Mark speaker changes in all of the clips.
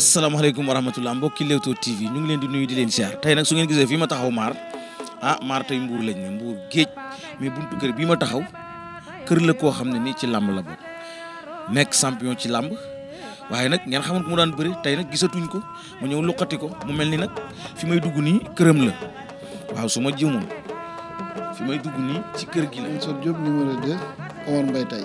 Speaker 1: asalaamaaleykum wa rahmatulah mbokki Leewtoo TV ñu ngi leen di nuyu di leen siyaar tey nag su ngeen gisee fi ma taxaw maar ah maar tey mbuur lañ ne mbuur géej mais buntu kër bii ma taxaw kër la koo xam ne ni ci làmb la bokk nekk champion ci làmb waaye nag ngeen xamoon ko mu daan bëri tey nag gisatuñ ko mu ñëw luqati ko mu mel ni nag fi may dugg nii këram waaw su ma jëmoon
Speaker 2: may dugg nii ci kër gi la. Diop numéro 2 Omar Mbaye tey.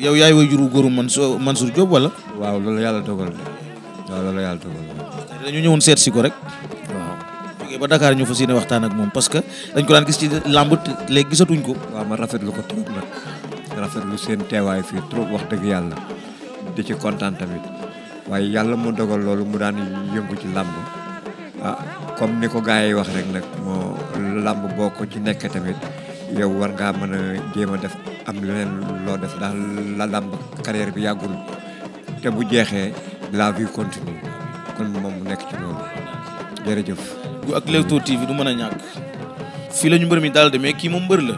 Speaker 1: yow yaay way juru man Mansour Mansour Diop wala. waaw loolu yàlla dogal na waaw loolu yàlla dogal na. ñëwoon seet si ko rek. jógee ba Dakar ñu fas yéene waxtaan ak moom parce que dañ ko daan gis ci làmb léegi gisatuñ ko. waaw ma rafetlu
Speaker 3: ko trop nag rafetlu seen teewaay fii trop wax dëgg yàlla di ci kontaan tamit waaye yàlla mu dogal loolu mu daan yëngu ci làmb ah comme ni ko gars yi wax rek nag moo làmb boo ko ci nekk tamit yow war ngaa mën a def. am loo def daal la làmb carrière bi yàggul te bu jeexee la vie continue kon moom mu nekk ci loolu jërëjëf. gu ak Leewtoo
Speaker 1: TV du mën a ñàkk. fii la ñu mbër mi daal de mais kii moom mbër la.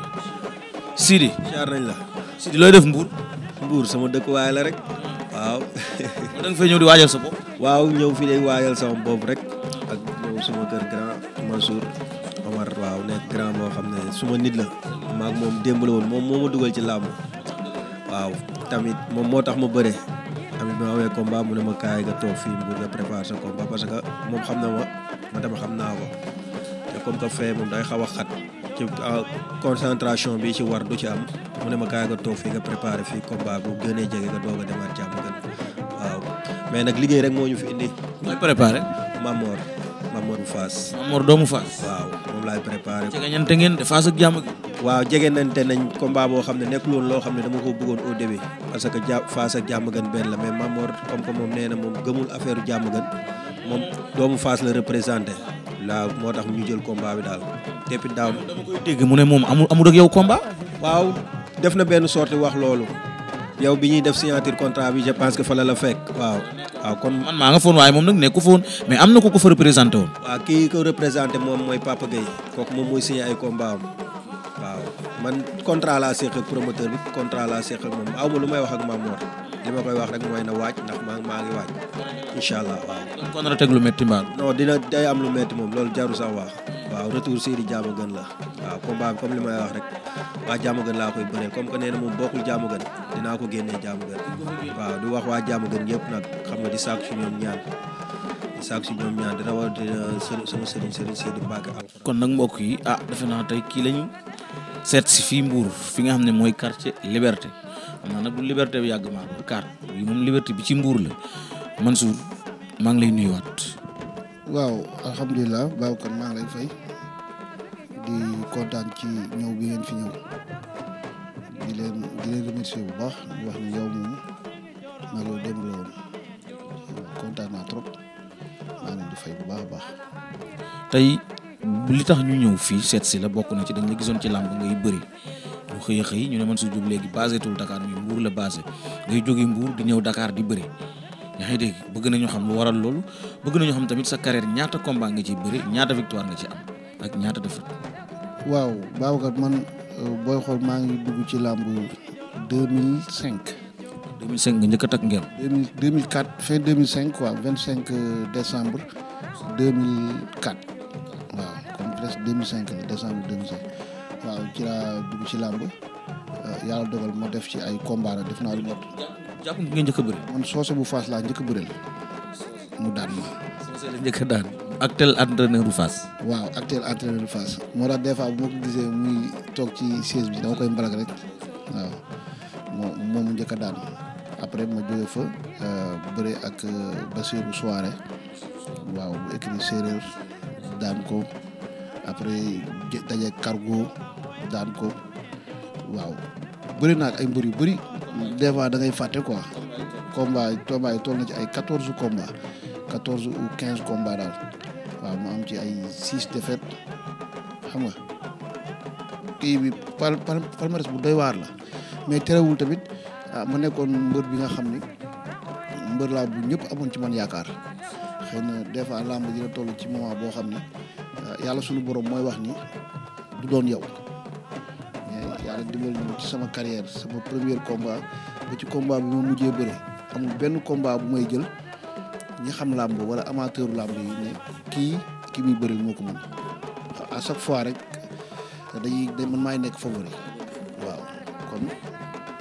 Speaker 3: Sidi. nañ la. Sidi looy def Mbour. Mbour sama dëkkuwaay la rek. waaw. da nga fay ñëw di waajal waaw ñëw fii day waajal sama bopp rek. ak ñëw suma kër grand Mansour Omar waaw nekk grand boo xam ne suma nit la. maag moom démb la woon moom moo ma dugal ci làmb waaw tamit moom moo tax ma bëre tamit ma amee combat mu ne ma kaay ga toog fii que moom xam na ma ma dama naa ko te comme que fee day xaw a xat ci ah, concentration bi ci war du ci am mu ne ma kaay nga toog fii nga préparer fii combat bu gënee jege nga doog a demaat jàmm gën waaw mais nag liggéey rek moo ñu fi indi. mooy préparer. Mamor Mamor bu Faas. Mamor doomu Faas moom laay préparé. jegeñante ngeen de Fass ak jàmm gi. waaw jegeñante nañ combat boo xam ne nekkul woon loo xam ne dama ko bëggoon au début parce que ja Fass ak jàmm gën benn la mais Mamor comme que moom nee na moom gëmul affaire jàmm gën moom doomu Fass la représenté la moo tax ñu jël combat bi daal depuis daaw. dama mu
Speaker 1: ne moom amul amul ak yow combat.
Speaker 3: waaw def na benn sorti wax loolu. yow bi ñuy def signature contrat bi je pense que fa la la fekk waaw. waaw kon man
Speaker 1: maa nga foon waaye moom nag nekku foon mais am na ko ko fa représenté woon.
Speaker 3: waaw ki ko représenté moom mooy Papa Gueye kooku moom mooy signé ay combat am waaw man contrat laa seq ak promoteur bi contrat laa seq ak moom aw lu may wax ak maam Mor li ma koy wax rek mooy na waaj ndax maa maa ngi waaj incha allah waaw.
Speaker 1: kon kon lu métti mbaal.
Speaker 3: non dina day am lu métti moom loolu jaru sax wax. waaw retour Seydi Diamaguène la waaw combat bi comme li may wax rek waa Diamaguène laa koy bëreel comme que nee na moom bokkul Diamaguène dinaa ko génnee Diamaguène waaw di wax waa Diamaguène yëpp nag xam nga di sàkku si ñoom si ñoom ñaan war dina euh, sama sëriñ
Speaker 1: sëriñ kon nag mbokk yi ah defe naa tey kii lañu seet si fii Mbour fi nga xam ne mooy quartier Liberté xam naa nag du Liberté yàgg maa kaar yi moom Liberté bi ci Mbour la Mansour maa ngi lay nuyuwaat.
Speaker 2: waaw alhamdulilah Babacar maa ngi lay fay. di kontaan ci ñëw bi ngeen fi ñëw di leen di leen bu baax di wax ni yow moom naa trop maa ngi di fay bu baax a baax.
Speaker 1: tey li tax ñu ñëw fii seet si la bokk na ci dañ la gisoon ci làmb ngay bëri ñu xëy a xëy ñu ne man su jub léegi baaseetul tul Dakar la basé ngay jóge Mbour di ñëw dakaar di bëri. yaa ngi bëgg na ñoo xam lu waral loolu bëgg na ñoo xam tamit sa carrière ñaata combat nga ciy bëri ñaata victoire nga ci am ak ñaata défaite
Speaker 2: waaw Babacar man euh, booy xool maa ngi dugg ci làmb 2005.
Speaker 1: cinq nga njëkk a takk ngeen.
Speaker 2: 2004 fin 2005 quoi 25 euh, décembre 2004 waaw comme presque 2005 la décembre 2005 waaw ci laa dugg ci làmb euh, yàlla dogal ma def ci ay combat def naa lu mot. jàpp nga njëkk a bëri. man soose bu faas laa njëkk a mu daan ma. soose la njëkk
Speaker 1: a actuel entraîneur bu Fass.
Speaker 2: waaw actuel entraîneur bu Fass moo tax des fois bu ma ko gisee muy toog ci siège bi dama koy mbalag rek waaw moom moom njëkk a daan après ma jógee fa euh, bëre ak euh, Bassirou Souare waaw bu écrit séeréer daan ko après daje cargo daan ko waaw bëri naa ak ay mbër yu bëri des fois da ngay fàtte quoi combat tool na ci ay quatorze combat quatorze ou quinze combat daal am ci ay de défaites xam nga kii bi palmarès bu doy waar la mais terewul tamit ah ma nekkoon mbër bi nga xam ni mbër laa bu ñëpp amoon ci man yaakaar xëy na des fois làmb dina toll ci moment boo xam ne ah, yàlla suñu boroom mooy wax ni du doon yow yàlla dimbali na ci sama carrière sama premier combat bu ci combat bi ma mujjee bëre amul benn combat bu may jël ñi xam làmb wala amateur làmb yi kii kii muy bëril moo ko mën à chaque fois rek dañuy da man maay nekk favori waaw kon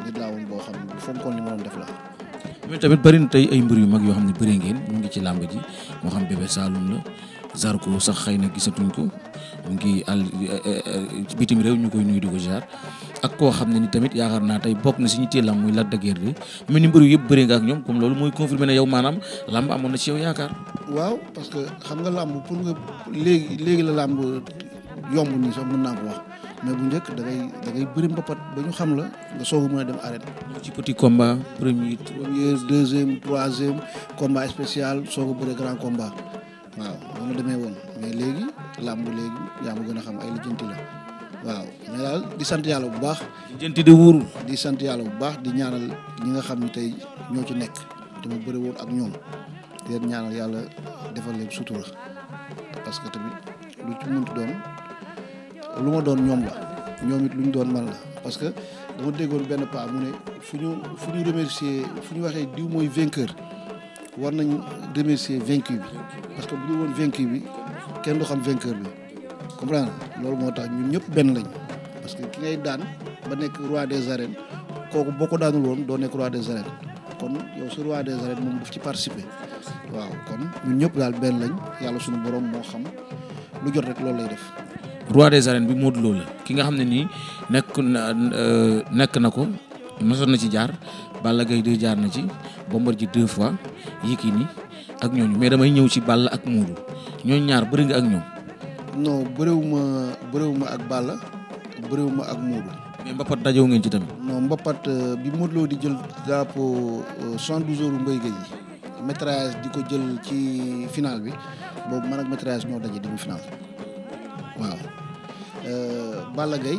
Speaker 2: nit laa woon boo xam ne bu fonkoon def la
Speaker 1: mais tamit bëri tey ay mbër yu mag yoo xam ne bëri ngeen ñu ngi ci làmb ji moo xam bébé Saloum la Zarko sax xëy na gisatuñ ko mu ngi àll eh, eh, eh, bitim réew ñu koy nuyu di ko jaar ak koo xam ne ni tamit yaakaar naa tey bokk na si ñu te làmb muy Lac de Guiers de mais ni mbër yu yëpp bëri nga ak ñoom comme loolu mooy confirmer ne yow maanaam làmb amoon na ci yow yaakaar.
Speaker 2: waaw parce que xam nga làmb pour nga léegi léegi la làmb yomb nii sax mën naa ko wax mais bu njëkk da ngay da ngay bëri mbapat ba ñu xam la nga soog a a dem arène. ci petit combat premier. premier deuxième troisième combat spécial soog a bëri grand combat waaw noonu la demee woon mais léegi làmb léegi yaa ma gën a xam ay lijjanti la waaw mais daal di sant yàlla bu baax. lijjanti di wóorul. di sant yàlla bu baax di ñaanal ñi nga xam ne tey ñoo ci nekk dama bëri woon ak ñoom. di leen yàlla defal leen sutura parce que tamit lu ci mënti doon lu ma doon ñoom la ñoom it lu ñu doon man la parce que dama déggoon benn paa mu ne fu ñu fu ñu remercier fu ñu waxee diw mooy vainqueur war nañ remercier vaincu bi parce que bu ñu woon vaincu bi kenn du xam vainqueur bi comprendre loolu moo tax ñun ñëpp benn lañ parce que ki ngay daan ba nekk roi des arènes kooku boo ko daanul woon doo nekk roi des arènes kon yow su roi des arènes moom daf ci participer waaw kon ñun ñëpp daal benn lañ yàlla suñu borom moo xam lu jot rek loolu lay def.
Speaker 1: roi des arènes bi Modou Lo ki nga xam ne nii nekk na euh, nekk na ko mosoon na ci jaar Balla gay 2 jaar na ci Bombardier ji deux fois yi kii Yékini ak ñooñu mais damay ñëw ci bàll ak Modou ñooñu ñaar bëri nga ak ñoom.
Speaker 2: non bëriwuma ak Balla bëriwuma ak Modou.
Speaker 1: mais Mbapat dajewu ngeen ci tamit.
Speaker 2: non Mbapat euh, bi Modou loo di jël drapeau 72 euh, heures Mbaye Guèye yi métrage di ko jël ci final bi boobu man ak métrage ñoo daje demi final waaw euh, Balla Gaye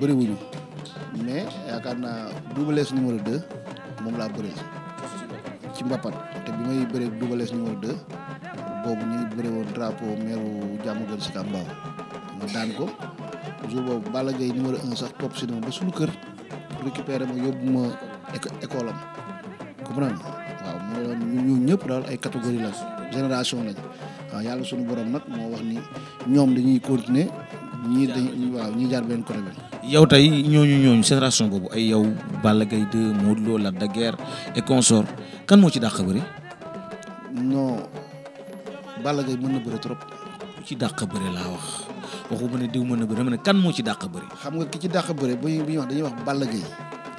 Speaker 2: bëriwuñu mais yaakaar naa Double Less numéro moom laa bëree ci Mbapat te bi may bëree Double Less numéro 2 boobu ñu ngi bëree woon drapeau meeru Diamaguène Sicap Mbao mu daan ko. jour boobu Balla Gaye numéro un sax topp si na ma ba suñu kër récupéré ma yóbbu ma école am comprendre waaw mooy loolu ñëpp daal ay catégorie la génération lañ waaw ah, yàlla suñu borom nag moo wax ni ñoom dañuy continuer ñii dañ waaw ñii jaar benn côté bi.
Speaker 1: yow tey ñooñu ñooñu génération boobu ay yow Balla Gaye 2 Modou Lo Lac de Guiers kan moo ci dàq bëri.
Speaker 2: non Balla Gaye mën na bëri trop. ci dàq bëri
Speaker 1: laa wax. waxu ma ne diw mën na bëri dama ne kan moo ci dàq bëri
Speaker 2: xam nga ki ci dàq bëri bu ñuy wax dañuy wax Balla Gaye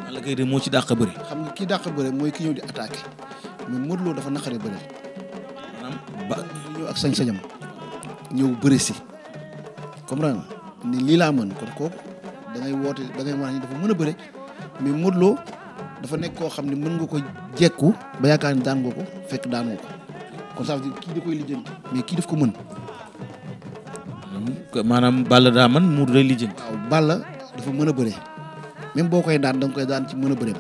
Speaker 2: Balla Gaye de moo ci dàq bëri xam nga ki dàq bëri mooy ki ñëw di attaqué mais Modou Lo dafa naqare bëri maanaam ba ñëw ak sañ-sañam ñëw bëri si comprendre ni lii laa mën kon kooku da ngay woote da ngay wax ni dafa mën a bëri mais Modou Lo dafa nekk koo xam ne mën nga ko jekku ba yaakaar ni daan nga ko fekk daan nga ko kon ça veut dire kii da koy lijjanti mais kii daf ko mën
Speaker 1: maanaam Balla daa man muur day lijjanti. waaw
Speaker 2: Balla dafa mën a bëre même boo koy daan da koy daan ci mën a bëre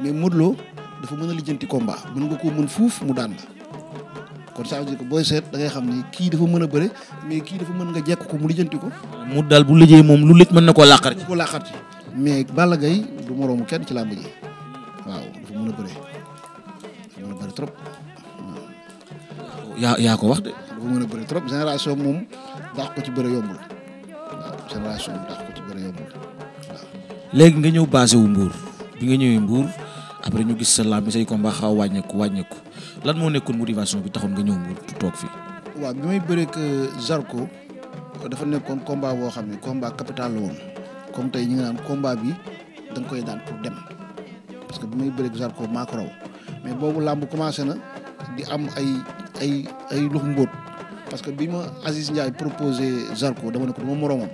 Speaker 2: mais Modou dafa mën a lijjanti combat mën nga koo mën fuuf mu daan kon ça veut booy seet da ngay xam ni kii dafa mën a bëre mais kii dafa mën nga jekk ko mu lijjanti ko. daal bu liggéey moom lu lëj mën na koo laqar ci. ko laqar ci mais Balla Gaye du moroomu kenn ci làmb ji waaw dafa trop.
Speaker 1: yaa yaa ko wax de.
Speaker 2: dafa mën a bëre trop génération moom dàq ko ci bëre yombul waaw génération bi ko ci bëre yombul
Speaker 1: léegi nga ñëw basé wu Mbour bi nga ñëwee Mbour après ñu gis sa lamb say combat xaw a wàññeeku wàññeeku lan moo nekkoon motivation bi taxoon nga ñëw Mbour toog fii.
Speaker 2: waaw bi may bëreeg euh, Zarko dafa nekkoon combat boo xam ne combat capital la woon comme tey ñu ngi naan combat bi da nga koy daan pour dem parce que bi may bëreeg Zarko maa ko mais boobu làmb commencé na di am ay ay ay lux mbóot parce que bi ma Aziz Ndiaye proposé Zarko dama ne ko du ma moromam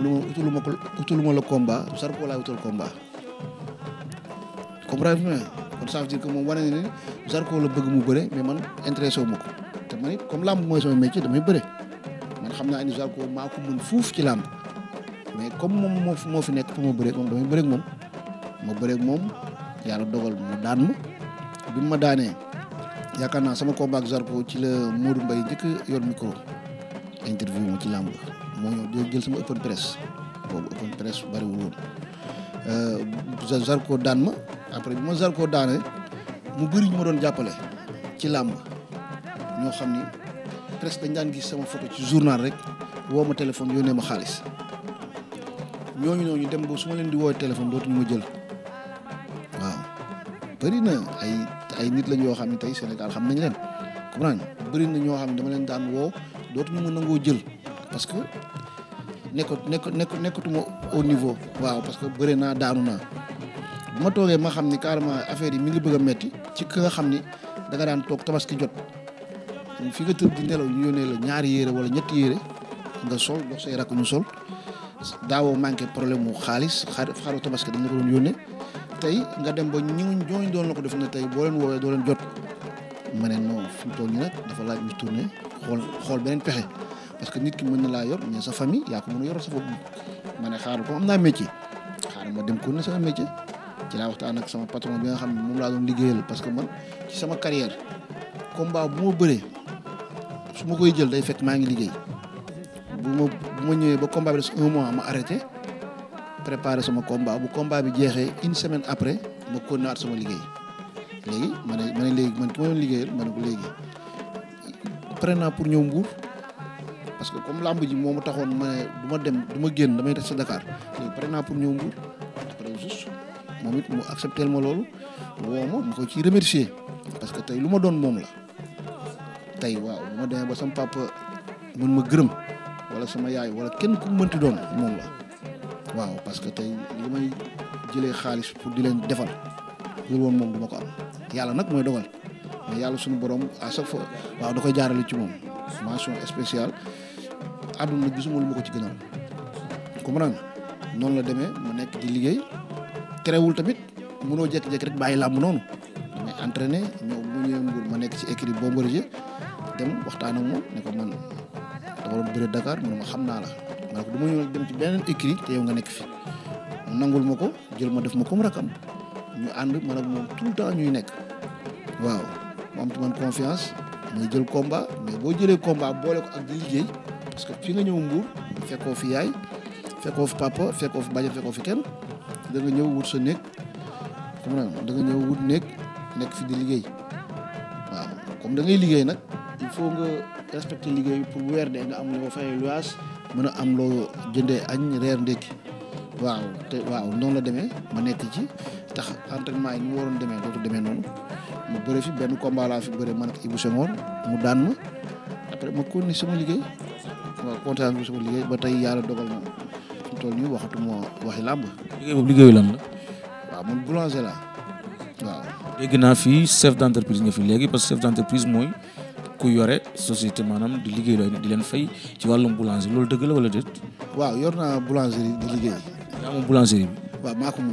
Speaker 2: lu ma utuluma la combat Zarko laay utal combat comprendre nga kon ça veut dire que moom wane na ni Zarko la bëgg mu bëre mais man intéressé wu ma comme làmb mooy sama xam naa ni Zarko maa fuuf ci làmb mais comme moom moo moo fi nekk pour ma bëreeg moom damay mu bi ma daanee. yaakaar naa sama combat ak Zarko ci la Modou Mbaye njëkk yor ko interview mu ci làmb moo ñëw jël sama open press boobu open press bariwul woon euh, Zarko ma après bi ma Zarko daanee mu bëri ñu ma doon jàppale ci làmb moo xam ni presque dañ daan gis sama photo ci journal rek woo téléphone téléphone yónnee ma xaalis ñooñu ñooñu dem ba su ma leen di woowee téléphone dootuñu mu jël bëri na ay ay nit lañ yoo xam ne tey Sénégal xam nañ leen comprendre bëri na ñoo xam ne dama leen daan woo dootuñu mën nangoo jël parce que nekko nekk nekk nekkatuma au niveau waaw parce que bëri naa daanu naa ma toogee ma xam ni carrément affaire yi mi ngi bëgg metti ci ki nga xam ni danga daan toog tabaski jot fi nga tëdd di nelaw ñu yónnee la ñaari yére wala ñetti yére nga sol dox say rakk ñu sol daawoo manqué problème mu xaalis xaru tabaski dañ la ko doon yónnee tey nga dem ba ñu ñooñu doon la ko def na tey boo leen woowee doo leen jot ma ne non fi mu toll nii nag dafa laaj ñu tourné xool beneen pexe parce que nit ki mën na laa yor mais sa famille yaa ko mën a yor sa bopp ma ne xaaral ko am naa métier xaaral ma dem ko ne sama métier ci laa waxtaan ak sama patron bi nga xam ne moom laa liggéeyal parce que man sama carrière combat bu ma bëree su ma koy jël day fekk maa ngi liggéey bu ma ñëwee ba combat bi des un mois ma arrêté. préparé sama combat bu combat bi jeexee une semaine après ma naa at sama liggéey léegi ma ne léegi man ki ma doon liggéeyal ma léegi pare naa pour ñëw Mbour parce que comme làmb ji moo ma taxoon ma ne du ma dem du ma génn damay def sa Dakar léegi naa pour ñëw Mbour après juste moom it mu accepté ma loolu woo ma ma ko ciy remercier parce que tey lu ma doon moom la tey waaw ma demee ba sama papa mën ma gërëm wala sama yaay wala kenn ku mënti doon moom la. waaw parce que tey li may jëlee xaalis pour di leen defal loolu woon moom du ma ko yàlla nag mooy dogal mais yàlla suñu borom à chaque fois waaw da koy jaarale ci moom mention spéciale àdduna gisuma lu ma ko ci gënal ko noonu la demee mu nekk di liggéey terewul tamit mënoo jékki jekk rek bàyyi làmb noonu damay entraîné ñëw mu ñëwee ma nekk ci écurie Bombardier dem waxtaan ak moom ne ko man dama doon bëre Dakar mu ne xam naa la donc du ma ñëw dem ci beneen écrit te yow nga nekk fi mu nangul ma ko jël ma def ma comme rakam ñu ànd man ak moom tout le ñuy nekk waaw mu am jël combat boo jëlee combat boole ko ak di liggéey parce nga ñëw Mbour fekkoo fi yaay fekkoo fi papa fekkoo fi bàjjen fekkoo fi da nga ñëw wut sa néeg comme da nga ñëw wut néeg nekk fi di liggéey waaw comme da ngay liggéey nag il faut nga respecter liggéey pour weer de nga am lu nga fay luwaas mën a am loo jëndee añ reer ndékki waaw te waaw noonu la demee ma nekk ci tax entraînement yi mu waroon demee dootu demee noonu mu bëre fi benn combat laa fi man ak Ibou Senghor mu daan ma ma continué sama liggéey waaw kontaan bi sama ba tey yàlla dogal na fi mu toll nii waxatuma waxi làmb. liggéey la. waaw man boulanger laa waaw. dégg
Speaker 1: naa fii chef nga fi léegi parce que chef d'entreprise mooy. ku yore société maanaam di liggéey loo di leen fay ci wàllum boulangerie loolu dëgg la wala déet.
Speaker 2: waaw yor naa boulangerie di liggéey. yaa moom boulangerie bi. waaw maa benn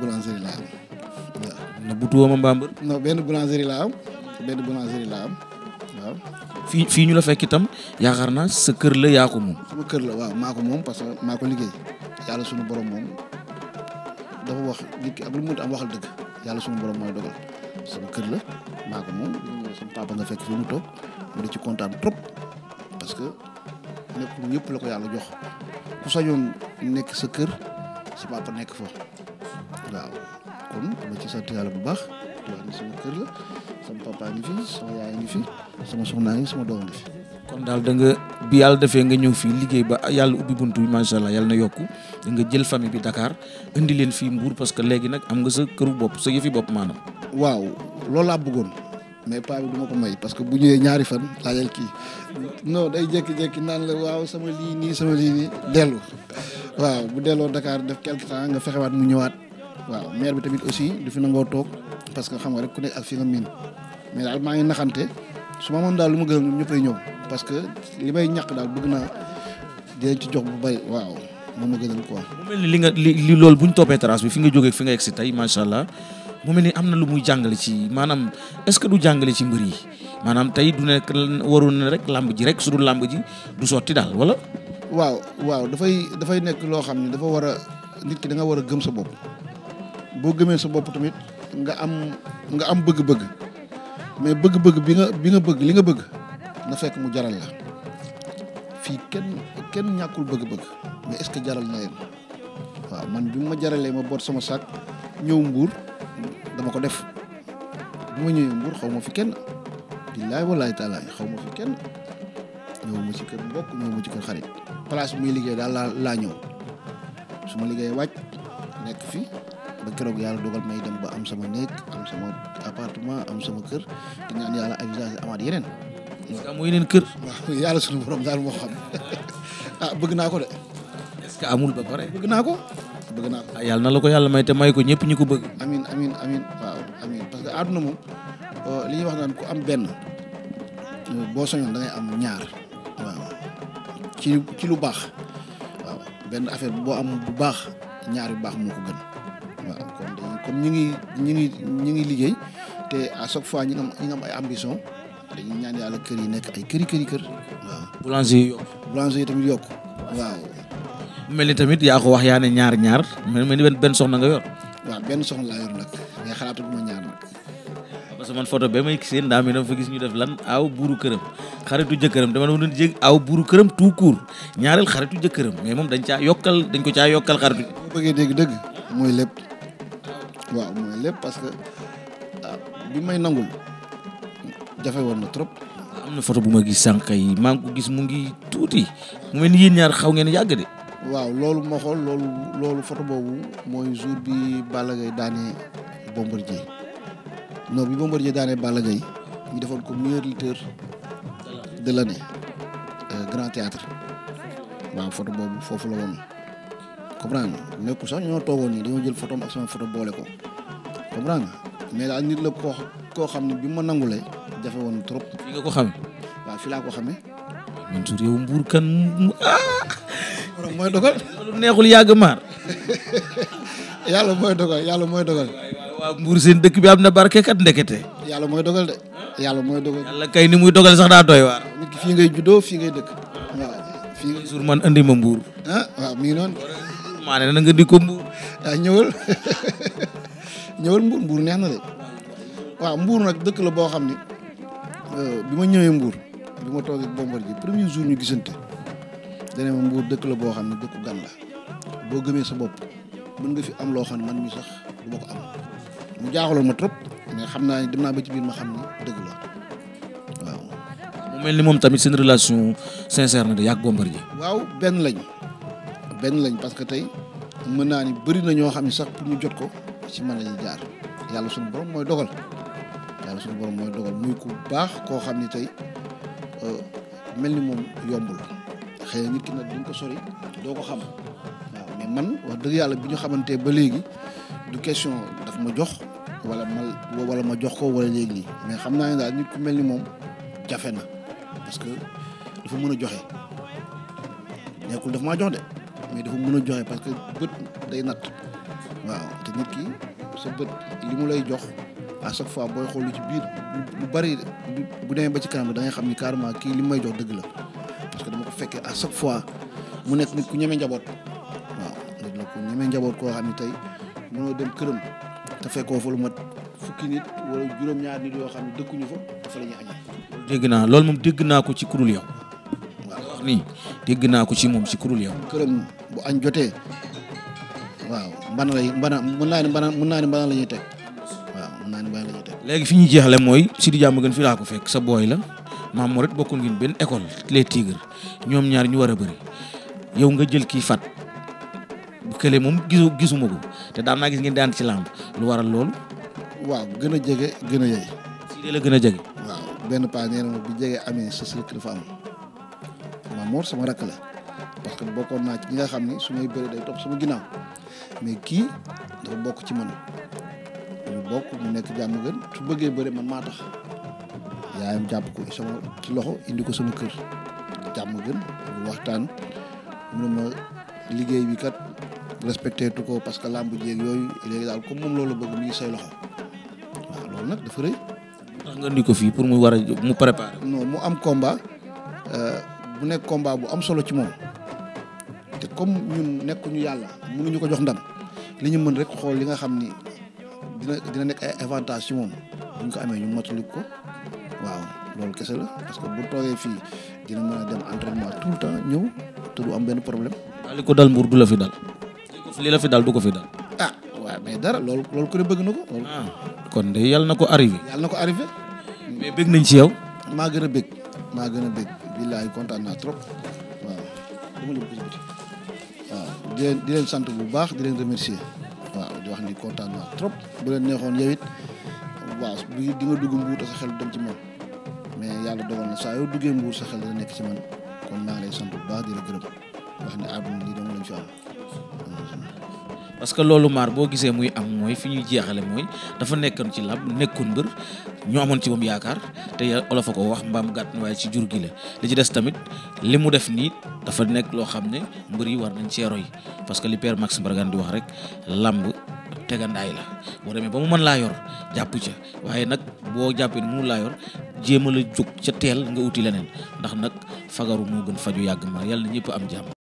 Speaker 2: boulangerie laa am.
Speaker 1: na bu tuwooma Mbambar.
Speaker 2: non benn boulangerie laa am benn boulangerie laa am waaw.
Speaker 1: fii fii ñu la fekk itam yaakaar naa sa kër la yaa ko moom.
Speaker 2: sama kër la waaw maa ko moom parce que maa ko liggéey yàlla suñu borom moom dafa wax nit ki lu mu mënti am waxal dëgg yàlla sunu borom mooy dogal. sama kër la maa ko moom sama papa nga fekk fi mu toog mu di ci kontaan trop parce que nekkul ñëpp la ko yàlla jox ku sañoon nekk sa kër sa papa nekk fa kon ci sant yàlla bu baax di wax ne sama kër la sama papa ngi fi sama yaay ngi fi ngi sama doom ngi kon daal da
Speaker 1: nga bi yàlla defee nga ñëw fii liggéey ba yàlla ubbi buntu bi macha allah yàlla na yokku da nga jël famille bi Dakar indi leen fii Mbour parce que léegi nag am nga sa këru bopp sa yëfi bopp maanaam.
Speaker 2: waaw loolu laa bëggoon mais paa bi du ma ko may parce que bu ñëwee ñaari fan laajal kii non day jékki-jékki naan la waaw sama lii nii sama lii nii dellu waaw bu delloo dakaar def quelque temps nga fexewaat mu ñëwaat waaw maire bi tamit aussi du fi nangoo toog parce que xam nga rek ku nekk ak fi nga miin mais daal maa ngi naxante su ma mën daal lu ma gën ñoom ñëppay ñëw parce que li may ñàkk daal bëgg naa dinañ ci jox bu bay waaw moom ma gënal quoi. mu
Speaker 1: mel ni li nga loolu bu ñu toppee terrasse bi fi nga jógee fi nga si tey macha allah. mu mel ni am na lu muy jàngale ci maanaam est-ce que du jàngale ci mbër yi maanaam tey du nekk warul na rek làmb ji rek su dul làmb ji du sotti daal wala.
Speaker 2: waaw waaw dafay dafay nekk loo xam ne dafa war a nit ki da war a gëm sa bopp boo gëmee sa bopp tamit nga am nga am bëgg-bëgg mais bëgg-bëgg bi nga bi nga bëgg li nga bëgg na fekk mu jaral la fii kenn kenn ñàkkul bëgg-bëgg mais es ce que jaral na leen waaw man bi ma jaralee ma boot sama sac ñëw mbuur dama ko def bu ma ñëwee Mbour xaw ma fi kenn billaay walaay taalaay xaw ma fi kenn ñëw ma ci kër mbokk ñëw ma ci kër xarit place bi muy liggéey daal laa laa ñëw su ma liggéey wàcc nekk fi ba keroog yàlla dogal may dem ba am sama néeg am sama appartement am sama kër te ñaan yàlla a amaat yeneen. est yeneen kër. waaw yàlla suñu ah, bëgg naa ko de. est que amul ba pare. ko bëgg naa ko.
Speaker 1: Ah, na la ko yàlla may te may ko ñëpp ñi ko bëgg.
Speaker 2: amiin waaw amiin parce que àdduna moom euh, li ñuy wax naan ku am benn boo soñoon da ngay am ñaar waaw ci lu baax benn affaire boo am bu baax ñaar yu baax moo ko gën waaw kon ñu ngi ñu ngi ñu ngi liggéey te à chaque fois ñi nga am ñi am ay ambition dañuy ñaan yàlla kër yi nekk ay këri këri kër waaw. boulanger yokk boulanger yi
Speaker 1: mel ni tamit yaa ko wax yaa ne ñaar ñaar mel ni benn soxna nga yor.
Speaker 2: waaw benn soxna laa yor nag. mais xalaatuma ñaan nag.
Speaker 1: parce que man photo may gisee ndaam yi fa gis ñu def lan aw buuru këram xaritu jëkkëram dama doon jég aw buuru këram tout court ñaareel xaritu jëkkëram mais moom dañ caa yokkal dañ ko caa yokkal xaritu.
Speaker 2: boo bëggee mooy lépp waaw mooy lépp parce que ah, bi may nangul jafe woon na trop.
Speaker 1: am na photo bu ma gis sànq yi maa ngi ko gis mu ngi tuuti mu mel ni ñaar xaw ngeen yàgg de.
Speaker 2: waaw loolu moo loolu loolu photo boobu mooy jour bi Balla Gaye daanee Bombardier non bi Bombardier daanee ñu defoon ko meilleur lutteur de l' année euh, grand théâtre waaw photo boobu foofu la woon comprendre nga sax ñoo toogoon nii dañoo jël photo am ak boole ko comprendre nga daal nit la koo xam ne bi ma nangulee jafe woon trop. fii nga ko xamee. waaw fii laa ko xamee.
Speaker 1: Mansour yow mbuur kan mu ah!
Speaker 2: mooy dogal. mooy dogal yàlla mooy dogal. waaw mbuur
Speaker 1: seen dëkk bi am na barke kat ndekete.
Speaker 2: yàlla mooy dogal de. yàlla mooy dogal yàlla
Speaker 1: kay ni muy dogal sax daa doy waar.
Speaker 2: nit ki fii ngay juddoo fi ngay dëkk. waaw fii ngay suur man andi ma mbuur. ah waaw maa ne di ko mbuur. ah ñëwal ñëwal mbuur mbuur mbuur nag dëkk boo xam ni euh, bi ma ñëwee mbuur bi ma toogee Bombardier premier jour ñu gisante dana ma mbuur dëkk la boo xam ne dëkku gan boo gëmee sa bopp mën nga fi am loo man mi sax du am. mu ma trop mais xam naa dem naa ba ci biir ma xam ne dëgg la
Speaker 1: waaw. mel ni moom tamit seen relation sincère na de yàgg Bombardier
Speaker 2: waaw benn lañ benn lañ parce que tey mën naa ni bari na ñoo xam ne sax pour ñu jot ko ci man la jaar yàlla suñu borom mooy dogal yàlla mooy dogal muy ku baax koo xam ni tey euh, mel ni moom yombul xëy na nit duñ ko sori doo ko xam waaw man wax dëgg yàlla bi ñu xamante ba léegi du question daf ma jox wala ma wala ma jox ko wala léegi lii mais xam naa ne daal nit ku mel ni moom jafe na parce que dafa mën a joxe nekkul daf maa jox de mais dafa mën a joxe parce que bët day natt waaw te nit ki sa li mu lay jox à fois booy xool ci biir lu bari bu demee ba ci kanam da ngay xam ni carrément kii li may jox dëgg la parce que dama ko fekkee à chaque fois mu nekk nit ku ñeme njaboot waaw nit la ku ñeme njaboot koo xam ni tey mënoo dem këram. te fekkoo fa lu mat fukki nit wala juróom-ñaar nit yoo xam ne dëkkuñu fa te fa la ñuy añee.
Speaker 1: dégg naa loolu moom dégg naa ko ci kurul yow. waaw wax nii dégg naa ko ci moom ci kurul yow.
Speaker 2: këram bu añ jotee waaw mbana lay mbana mën naa ne mbana mën naa ne mbana la ñuy teg waaw
Speaker 1: mën naa ne mbana la ñuy teg. léegi fi ñuy jeexale mooy Sidi Diamaguène fi laa ko fekk sa booy la maam moo rek bokkoon ngeen benn école les Tigres ñoom ñaar ñu war a bëri yow nga jël kii fat kële moom gisuma ko te daan naa gis ngeen daan ci làmb lu waral loolu. waaw gën a jege gën a yey. Siré la gën a jege.
Speaker 2: waaw benn paa nee na jege amee sa sëriñ dafa am maam Mor sama rakk la parce que bokkoon naa ci nga xam ne su may bëri day topp suma ginnaaw mais kii dafa bokk ci man mu bokk mu nekk jàmm gën su bëggee bëri man maa tax yaayam jàpp ko sama ci loxo indi ko sama kër jàmm gën waxtaan mu ne ma liggéey bi kat respecté tu ko parce que làmb jéeg yooyu léegi daal comme moom loolu bëgg mi ngi say loxo waaw loolu nag dafa rëy. nga indi ko
Speaker 1: fii pour mu war a mu préparer.
Speaker 2: non mu am combat euh, bu nekk combat bu am solo ci moom te comme ñun nekkuñu yàlla ñu ko jox ndam li ñu mën rek xool li nga xam ni dina dina nekk ay avantage ci moom bu ñu ko amee ñu mottali ko waaw loolu kese la parce que bu tooyee fii dina mën a dem entraînement tout le ñëw te du am benn problème. li ko dal Mbour du la fi dal.
Speaker 1: li la fi dal du ko fi dal.
Speaker 2: ah waaw mais dara lool loolu ku bëgg na ko. Ah,
Speaker 1: kon de yàlla na ko arrivé.
Speaker 2: yàlla na ko arrivé. mais bëgg nañ ci yow. maa gën a bëgg. maa gën a bëgg. billaay kontaan naa trop waaw. waaw di leen sant bu baax di leen remercier. waa di wax ni kontaan naa trop. bu leen neexoon yow it waaw di nga dugg mbuur te a xel dem ci man mais yàlla dogal na saa yow duggee mbuur sa xel dana nekk ci man kon maa ngi lay sant bu baax di la gërëm wax ne àdduna lii dama lañ fi am.
Speaker 1: parce que loolu maar boo gisee muy am mooy fi ñuy jeexale mooy dafa nekkoon ci làmb nekkoon mbër ñu amoon ci moom yaakaar te olof a ko wax mbaam gàtt na waaye ci jur gi la li ci des tamit li mu def nii dafa nekk loo xam ne mbër yi war nañ cee yi parce que li père Max Mbargane di wax rek làmb tegandaay la boo demee ba mu man laa yor jàpp ca waaye nag boo jàppee ni mu laa yor jéem a la jóg ca teel nga wuti leneen ndax nag fagaru moo gën faju yàgg ma yàlla ñëpp am jàmm